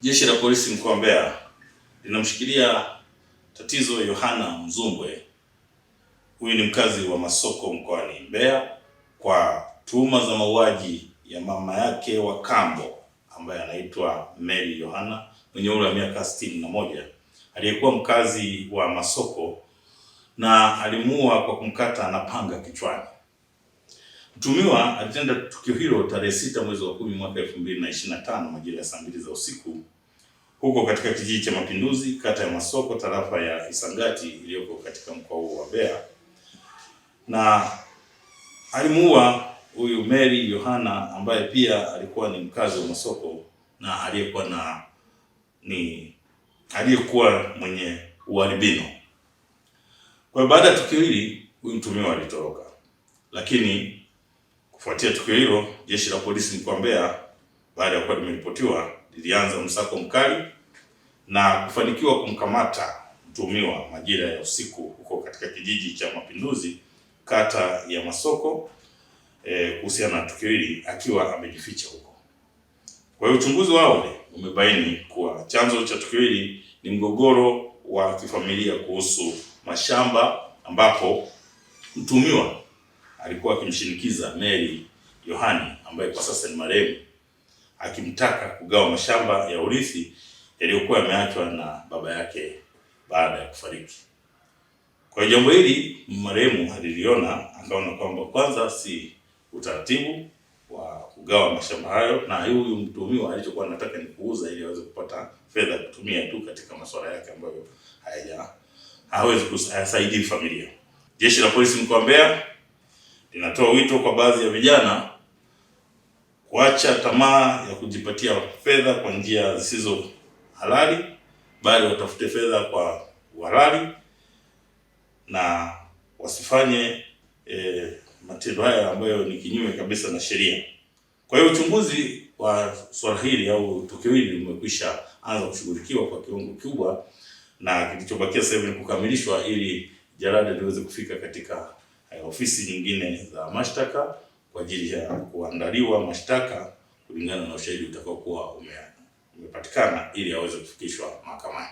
Jeshi la Polisi mkoa wa Mbeya linamshikilia Tatizo Yohana Mzumbwe, huyu ni mkazi wa Masoko mkoani Mbeya, kwa tuhuma za mauaji ya mama yake wa kambo ambaye anaitwa Mary Yohana mwenye umri wa miaka sitini na moja aliyekuwa mkazi wa Masoko na alimuua kwa kumkata na panga kichwani. Mtumiwa alitenda tukio hilo tarehe sita mwezi wa kumi mwaka elfu mbili na ishirini na tano majira ya saa mbili za usiku huko katika kijiji cha Mapinduzi, kata ya Masoko, tarafa ya Isangati iliyoko katika mkoa huu wa Mbeya, na alimuua huyu Mary Yohana ambaye pia alikuwa ni mkazi wa Masoko na aliyekuwa na ni aliyekuwa mwenye ualbino. Kwa hiyo baada ya tukio hili huyu mtumiwa alitoroka, lakini kufuatia tukio hilo jeshi la polisi mkoa wa Mbeya baada ya kuwa limeripotiwa, lilianza msako mkali na kufanikiwa kumkamata mtuhumiwa majira ya usiku huko katika kijiji cha Mapinduzi kata ya Masoko eh, kuhusiana na tukio hili akiwa amejificha huko. Kwa hiyo uchunguzi wa awali umebaini kuwa chanzo cha tukio hili ni mgogoro wa kifamilia kuhusu mashamba ambapo mtuhumiwa alikuwa akimshinikiza Mary Yohani ambaye kwa sasa ni marehemu akimtaka kugawa mashamba ya urithi yaliyokuwa yameachwa na baba yake baada ya kufariki. Kwa jambo hili marehemu aliliona, akaona kwamba kwanza si utaratibu wa kugawa mashamba hayo, na huyu mtuhumiwa alichokuwa anataka ni kuuza ili aweze kupata fedha kutumia tu katika masuala yake ambayo hayaja hawezi kusaidia familia. Jeshi la Polisi mkoa wa Mbeya linatoa wito kwa baadhi ya vijana kuacha tamaa ya kujipatia fedha kwa njia zisizo halali, bali watafute fedha kwa uhalali na wasifanye e, matendo haya ambayo ni kinyume kabisa na sheria. Kwa hiyo uchunguzi wa swala hili au tukio hili limekwisha anza kushughulikiwa kwa kiwango kikubwa, na kilichobakia sasa hivi ni kukamilishwa ili jalada liweze kufika katika eh, ofisi nyingine za mashtaka kwa ajili ya kuandaliwa mashtaka kulingana na ushahidi utakaokuwa umepatikana ili aweze kufikishwa mahakamani.